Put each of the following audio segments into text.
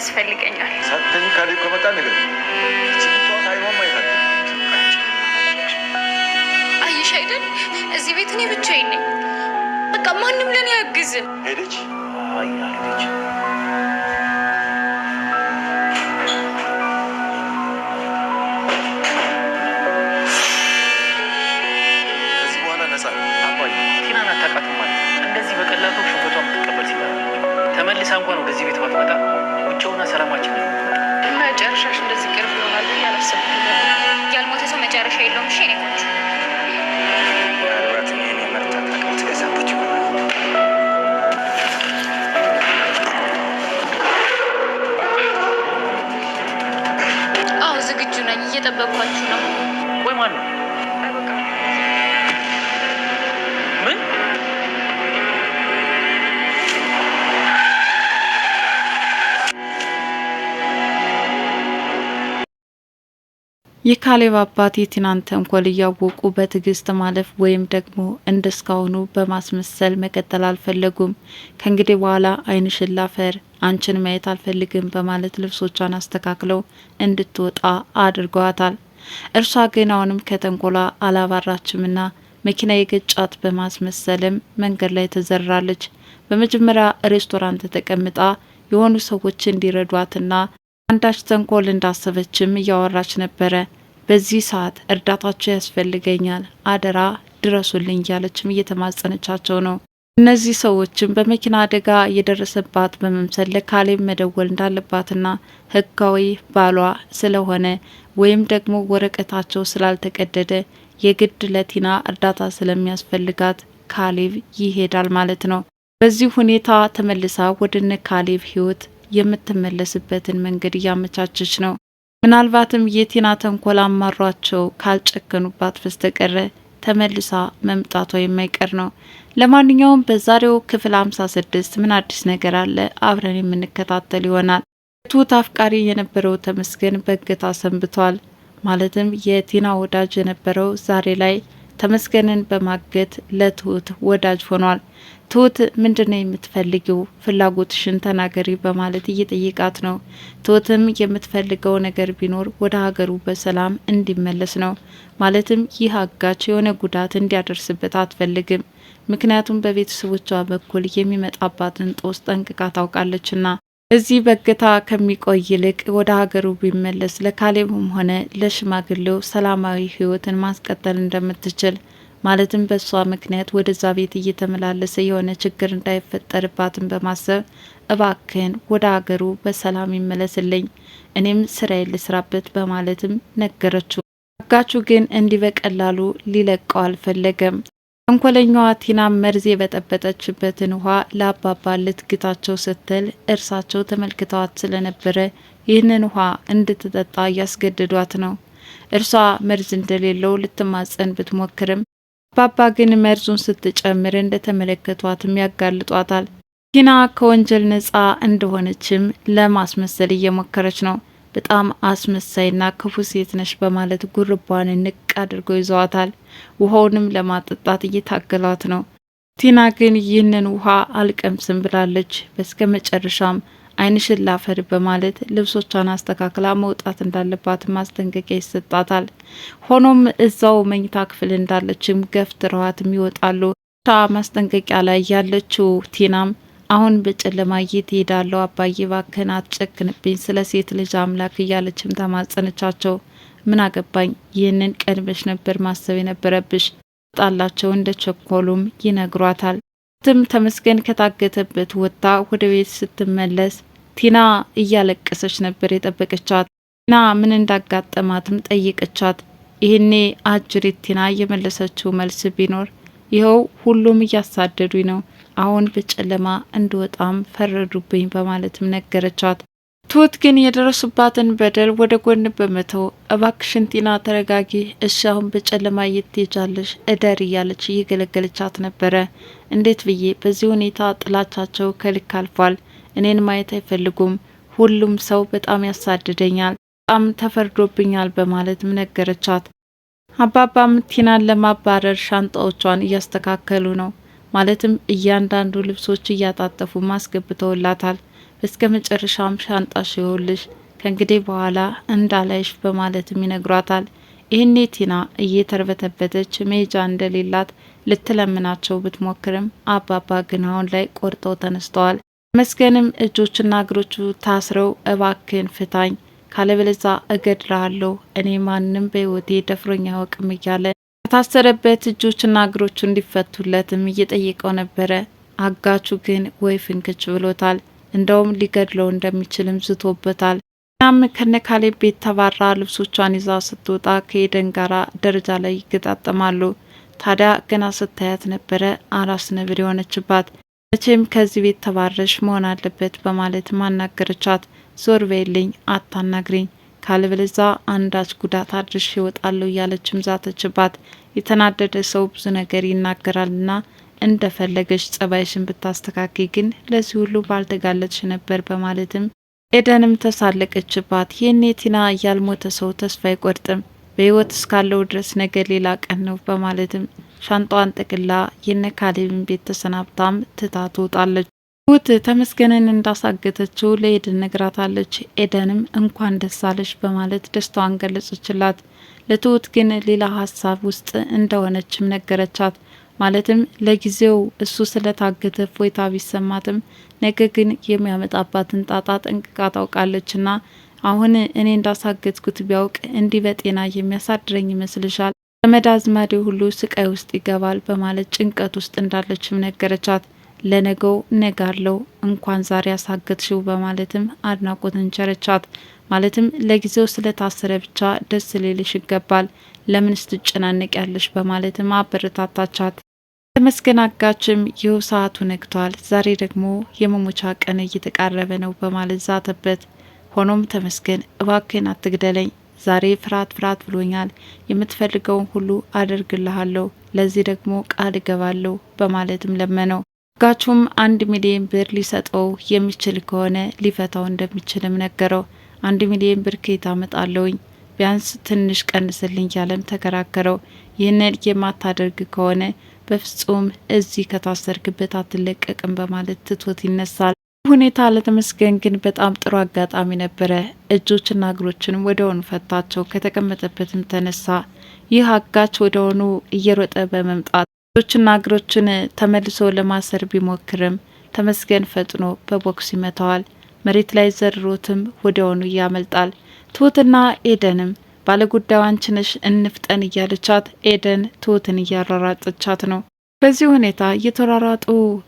ያስፈልገኛል። ሳትተኝ ካሌብ ከመጣ ነገር አየሽ አይደል እዚህ ቤት እኔ ብቻዬን ነኝ። በቃ ማንም ለኔ ያግዝም። ሄደች ሄደች እንደዚህ በቀላሉ ተመልሳ እንኳን ወደዚህ ቤት ባትመጣ ሰላምና ሰላማችን ነው። መጨረሻሽ እንደዚህ ቅርብ ይሆናል ያላሰብ ያልሞተ ሰው መጨረሻ የለውም። እሺ ኔ ቆንጆ ነው። ወይ ማን ነው የካሌብ አባት የቲናን ተንኮል እያወቁ በትዕግስት ማለፍ ወይም ደግሞ እንደስካሁኑ በማስመሰል መቀጠል አልፈለጉም። ከእንግዲህ በኋላ ዓይንሽን ላፈር፣ አንቺን ማየት አልፈልግም በማለት ልብሶቿን አስተካክለው እንድትወጣ አድርገዋታል። እርሷ ግን አሁንም ከተንኮሏ አላባራችምና መኪና የገጫት በማስመሰልም መንገድ ላይ ተዘራለች። በመጀመሪያ ሬስቶራንት ተቀምጣ የሆኑ ሰዎች እንዲረዷትና አንዳች ተንኮል እንዳሰበችም እያወራች ነበረ። በዚህ ሰዓት እርዳታቸው ያስፈልገኛል፣ አደራ ድረሱልኝ እያለችም እየተማጸነቻቸው ነው። እነዚህ ሰዎችም በመኪና አደጋ እየደረሰባት በመምሰል ለካሌብ መደወል እንዳለባትና ሕጋዊ ባሏ ስለሆነ ወይም ደግሞ ወረቀታቸው ስላልተቀደደ የግድ ለቲና እርዳታ ስለሚያስፈልጋት ካሌብ ይሄዳል ማለት ነው። በዚህ ሁኔታ ተመልሳ ወደነ ካሌብ ህይወት የምትመለስበትን መንገድ እያመቻቸች ነው። ምናልባትም የቲና ተንኮል አማሯቸው ካልጨከኑባት በስተቀረ ተመልሳ መምጣቷ የማይቀር ነው። ለማንኛውም በዛሬው ክፍል 56 ምን አዲስ ነገር አለ አብረን የምንከታተል ይሆናል። ትሁት አፍቃሪ የነበረው ተመስገን በእገታ ሰንብቷል። ማለትም የቲና ወዳጅ የነበረው ዛሬ ላይ ተመስገንን በማገት ለትሁት ወዳጅ ሆኗል። ትሁት ምንድን ነው የምትፈልጊው? ፍላጎትሽን ተናገሪ በማለት እየጠየቃት ነው። ትሁትም የምትፈልገው ነገር ቢኖር ወደ ሀገሩ በሰላም እንዲመለስ ነው። ማለትም ይህ አጋች የሆነ ጉዳት እንዲያደርስበት አትፈልግም። ምክንያቱም በቤተሰቦቿ በኩል የሚመጣባትን ጦስ ጠንቅቃ ታውቃለችና እዚህ በግታ ከሚቆይ ይልቅ ወደ ሀገሩ ቢመለስ ለካሌብም ሆነ ለሽማግሌው ሰላማዊ ህይወትን ማስቀጠል እንደምትችል ማለትም በእሷ ምክንያት ወደዛ ቤት እየተመላለሰ የሆነ ችግር እንዳይፈጠርባትን በማሰብ እባክህን ወደ አገሩ በሰላም ይመለስልኝ፣ እኔም ስራዬ ልስራበት በማለትም ነገረችው። አጋቹ ግን እንዲህ በቀላሉ ሊለቀው አልፈለገም። ተንኮለኛዋ ቲና መርዝ የበጠበጠችበትን ውሃ ለአባባ ልትግታቸው ስትል እርሳቸው ተመልክተዋት ስለነበረ ይህንን ውሃ እንድትጠጣ እያስገድዷት ነው። እርሷ መርዝ እንደሌለው ልትማጸን ብትሞክርም አባባ ግን መርዙን ስትጨምር እንደተመለከቷትም ያጋልጧታል። ቲና ከወንጀል ነጻ እንደሆነችም ለማስመሰል እየሞከረች ነው። በጣም አስመሳይና ክፉ ሴት ነሽ በማለት ጉርቧን ንቅ አድርገው ይዘዋታል። ውሃውንም ለማጠጣት እየታገሏት ነው። ቲና ግን ይህንን ውሃ አልቀምስም ብላለች። በስከ መጨረሻም አይንሽን ላፈር በማለት ልብሶቿን አስተካክላ መውጣት እንዳለባት ማስጠንቀቂያ ይሰጣታል። ሆኖም እዛው መኝታ ክፍል እንዳለችም ገፍትረዋትም ይወጣሉ። ሻ ማስጠንቀቂያ ላይ ያለችው ቲናም አሁን በጨለማ እየተሄዳለው አባዬ እባክህን አትጨክንብኝ፣ ስለ ሴት ልጅ አምላክ እያለችም ተማጸነቻቸው። ምን አገባኝ፣ ይህንን ቀድመሽ ነበር ማሰብ የነበረብሽ ጣላቸው እንደ ቸኮሉም ይነግሯታል። ትም ተመስገን ከታገተበት ወጥታ ወደ ቤት ስትመለስ ቲና እያለቀሰች ነበር የጠበቀቻት። ቲና ምን እንዳጋጠማትም ጠይቀቻት ይህኔ አጅሪት ቲና የመለሰችው መልስ ቢኖር ይኸው ሁሉም እያሳደዱኝ ነው፣ አሁን በጨለማ እንድወጣም ፈረዱብኝ በማለትም ነገረቻት። ትሁት ግን የደረሱባትን በደል ወደ ጎን በመተው እባክሽን ቲና ተረጋጊ፣ እሺ አሁን በጨለማ እየትሄጃለሽ እደር እያለች እየገለገለቻት ነበረ። እንዴት ብዬ በዚህ ሁኔታ ጥላቻቸው ከልክ አልፏል እኔን ማየት አይፈልጉም፣ ሁሉም ሰው በጣም ያሳድደኛል፣ በጣም ተፈርዶብኛል በማለትም ነገረቻት። አባባም ቲናን ለማባረር ሻንጣዎቿን እያስተካከሉ ነው። ማለትም እያንዳንዱ ልብሶች እያጣጠፉ አስገብተውላታል። እስከ መጨረሻም ሻንጣሽ ይኸውልሽ ከእንግዲህ በኋላ እንዳላይሽ በማለትም ይነግሯታል። ይህኔ ቲና እየተርበተበተች መሄጃ እንደሌላት ልትለምናቸው ብትሞክርም አባባ ግን አሁን ላይ ቆርጠው ተነስተዋል። መስገንም እጆችና እግሮቹ ታስረው እባክን ፍታኝ ካለበለዛ እገድልሃለሁ እኔ ማንም በህይወቴ ደፍሮኝ አያውቅም እያለ ከታሰረበት እጆችና እግሮቹ እንዲፈቱለትም እየጠየቀው ነበረ። አጋቹ ግን ወይ ፍንክች ብሎታል። እንደውም ሊገድለው እንደሚችልም ዝቶበታል። እናም ከነካሌብ ቤት ተባራ ልብሶቿን ይዛ ስትወጣ ከኤደን ጋራ ደረጃ ላይ ይገጣጠማሉ። ታዲያ ገና ስታያት ነበረ አራስ ነብር የሆነችባት። መቼም ከዚህ ቤት ተባረሽ መሆን አለበት በማለት ማናገረቻት። ዞር በይልኝ፣ አታናግሪኝ፣ ካልብልዛ አንዳች ጉዳት አድርሽ ይወጣለሁ እያለችም ዛተችባት። የተናደደ ሰው ብዙ ነገር ይናገራልና እንደፈለገች ጸባይሽን ብታስተካኪ ግን ለዚህ ሁሉ ባልተጋለጥሽ ነበር በማለትም ኤደንም ተሳለቀችባት። ይህኔ ቲና ያልሞተ ሰው ተስፋ አይቆርጥም፣ በህይወት እስካለው ድረስ ነገ ሌላ ቀን ነው በማለትም ሻንጣዋን ጠቅላ የነካሌብን ቤት ተሰናብታም ትታ ትወጣለች። ትሁት ተመስገንን እንዳሳገተችው ለኤደን ነግራታለች። ኤደንም እንኳን ደስ በማለት ደስታዋን ገለጸችላት። ለትሁት ግን ሌላ ሀሳብ ውስጥ እንደሆነችም ነገረቻት። ማለትም ለጊዜው እሱ ስለታገተ ፎይታ ቢሰማትም ነገ ግን የሚያመጣባትን ጣጣ ጠንቅቃ ታውቃለችና አሁን እኔ እንዳሳገትኩት ቢያውቅ እንዲህ በጤና የሚያሳድረኝ ይመስልሻል? ዘመድ አዝማዴ ሁሉ ስቃይ ውስጥ ይገባል በማለት ጭንቀት ውስጥ እንዳለችም ነገረቻት። ለነገው ነጋለው እንኳን ዛሬ ያሳገትሽው በማለትም አድናቆትን ቸረቻት። ማለትም ለጊዜው ስለታሰረ ብቻ ደስ ሊልሽ ይገባል፣ ለምን ስትጨናነቅ ያለሽ በማለትም አበረታታቻት። ተመስገን አጋችም ይኸው ሰዓቱ ነግቷል፣ ዛሬ ደግሞ የመሞቻ ቀን እየተቃረበ ነው በማለት ዛተበት። ሆኖም ተመስገን እባክን አትግደለኝ ዛሬ ፍርሃት ፍርሃት ብሎኛል፣ የምትፈልገውን ሁሉ አደርግልሃለሁ፣ ለዚህ ደግሞ ቃል እገባለሁ በማለትም ለመነው። ጋቹም አንድ ሚሊዮን ብር ሊሰጠው የሚችል ከሆነ ሊፈታው እንደሚችልም ነገረው። አንድ ሚሊዮን ብር ከየት አመጣለውኝ? ቢያንስ ትንሽ ቀንስልኝ ያለም ተከራከረው። ይህንን የማታደርግ ከሆነ በፍጹም እዚህ ከታሰርክበት አትለቀቅም በማለት ትቶት ይነሳል። ሁኔታ ለተመስገን ግን በጣም ጥሩ አጋጣሚ ነበረ። እጆችና እግሮችንም ወደሆኑ ፈታቸው። ከተቀመጠበትም ተነሳ። ይህ አጋች ወደሆኑ እየሮጠ በመምጣት እጆችና እግሮችን ተመልሶ ለማሰር ቢሞክርም ተመስገን ፈጥኖ በቦክስ ይመታዋል። መሬት ላይ ዘርሮትም ወደሆኑ ያመልጣል። ትሁትና ኤደንም ባለጉዳዩ አንቺ ነሽ እንፍጠን እያለቻት ኤደን ትሁትን እያራራጠቻት ነው። በዚህ ሁኔታ እየተሯሯጡ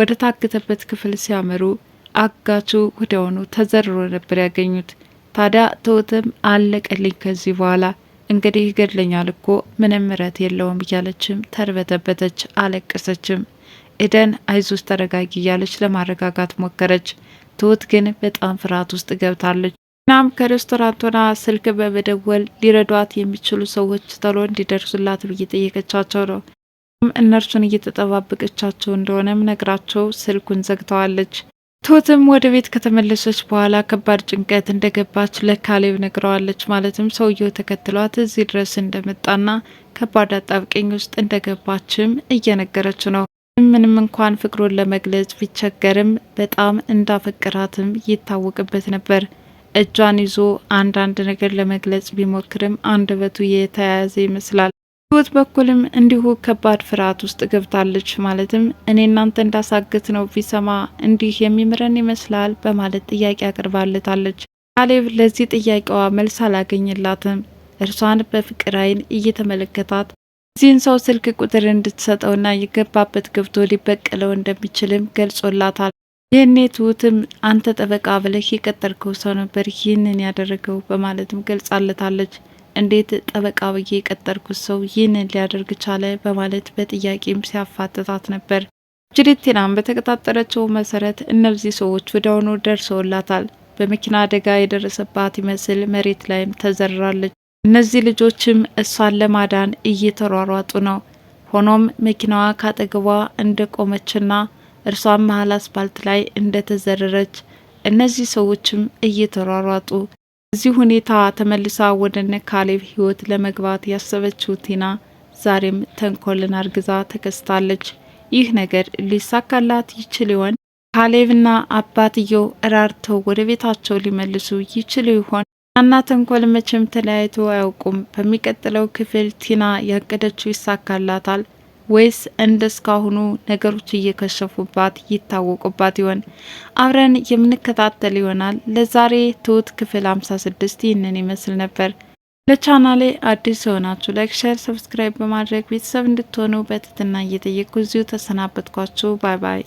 ወደ ታገተበት ክፍል ሲያመሩ አጋቹ ወዲያውኑ ተዘርሮ ነበር ያገኙት። ታዲያ ትሁትም አለቀልኝ፣ ከዚህ በኋላ እንግዲህ ይገድለኛል እኮ ምንም ምረት የለውም እያለችም ተርበተበተች፣ አለቀሰችም። ኤደን አይዞሽ ተረጋጊ እያለች ለማረጋጋት ሞከረች። ትሁት ግን በጣም ፍርሃት ውስጥ ገብታለች። እናም ከሬስቶራንቷና ስልክ በመደወል ሊረዷት የሚችሉ ሰዎች ተሎ እንዲደርሱላት እየጠየቀቻቸው ነው። እነርሱን እየተጠባበቀቻቸው እንደሆነም ነግራቸው ስልኩን ዘግተዋለች። ትሁትም ወደ ቤት ከተመለሰች በኋላ ከባድ ጭንቀት እንደገባች ለካሌብ ነግረዋለች። ማለትም ሰውየው ተከትሏት እዚህ ድረስ እንደመጣና ከባድ አጣብቂኝ ውስጥ እንደገባችም እየነገረች ነው። ምንም እንኳን ፍቅሩን ለመግለጽ ቢቸገርም በጣም እንዳፈቅራትም ይታወቅበት ነበር። እጇን ይዞ አንዳንድ ነገር ለመግለጽ ቢሞክርም አንደበቱ የተያያዘ ይመስላል። ህይወት በኩልም እንዲሁ ከባድ ፍርሃት ውስጥ ገብታለች። ማለትም እኔ እናንተ እንዳሳግት ነው ቢሰማ እንዲህ የሚምረን ይመስላል በማለት ጥያቄ አቅርባለታለች። ካሌብ ለዚህ ጥያቄዋ መልስ አላገኝላትም። እርሷን በፍቅር አይን እየተመለከታት እዚህን ሰው ስልክ ቁጥር እንድትሰጠውና የገባበት ገብቶ ሊበቀለው እንደሚችልም ገልጾላታል። ይህኔ ትሁትም አንተ ጠበቃ ብለህ የቀጠርከው ሰው ነበር ይህንን ያደረገው በማለትም ገልጻለታለች። እንዴት ጠበቃ ብዬ የቀጠርኩት ሰው ይህንን ሊያደርግ ቻለ? በማለት በጥያቄም ሲያፋጥጣት ነበር። ጅሪቴናም በተቀጣጠረችው መሰረት እነዚህ ሰዎች ወዲያውኑ ደርሰውላታል። በመኪና አደጋ የደረሰባት ይመስል መሬት ላይም ተዘርራለች። እነዚህ ልጆችም እሷን ለማዳን እየተሯሯጡ ነው። ሆኖም መኪናዋ ካጠገቧ እንደቆመችና እርሷን መሀል አስፓልት ላይ እንደተዘረረች እነዚህ ሰዎችም እየተሯሯጡ በዚህ ሁኔታ ተመልሳ ወደ እነ ካሌብ ህይወት ለመግባት ያሰበችው ቲና ዛሬም ተንኮልን አርግዛ ተከስታለች። ይህ ነገር ሊሳካላት ይችል ይሆን? ካሌብና አባትየው እራርተው ወደ ቤታቸው ሊመልሱ ይችሉ ይሆን? ቲናና ተንኮል መቼም ተለያይቶ አያውቁም። በሚቀጥለው ክፍል ቲና ያቀደችው ይሳካላታል? ወይስ እንደ እስካሁኑ ነገሮች እየከሸፉባት ይታወቁባት ይሆን? አብረን የምንከታተል ይሆናል። ለዛሬ ትሁት ክፍል 56 ይህንን ይመስል ነበር። ለቻናሌ አዲስ የሆናችሁ ላይክ፣ ሼር፣ ሰብስክራይብ በማድረግ ቤተሰብ እንድትሆኑ በትህትና እየጠየቅኩ እዚሁ ተሰናበትኳችሁ። ባይ ባይ።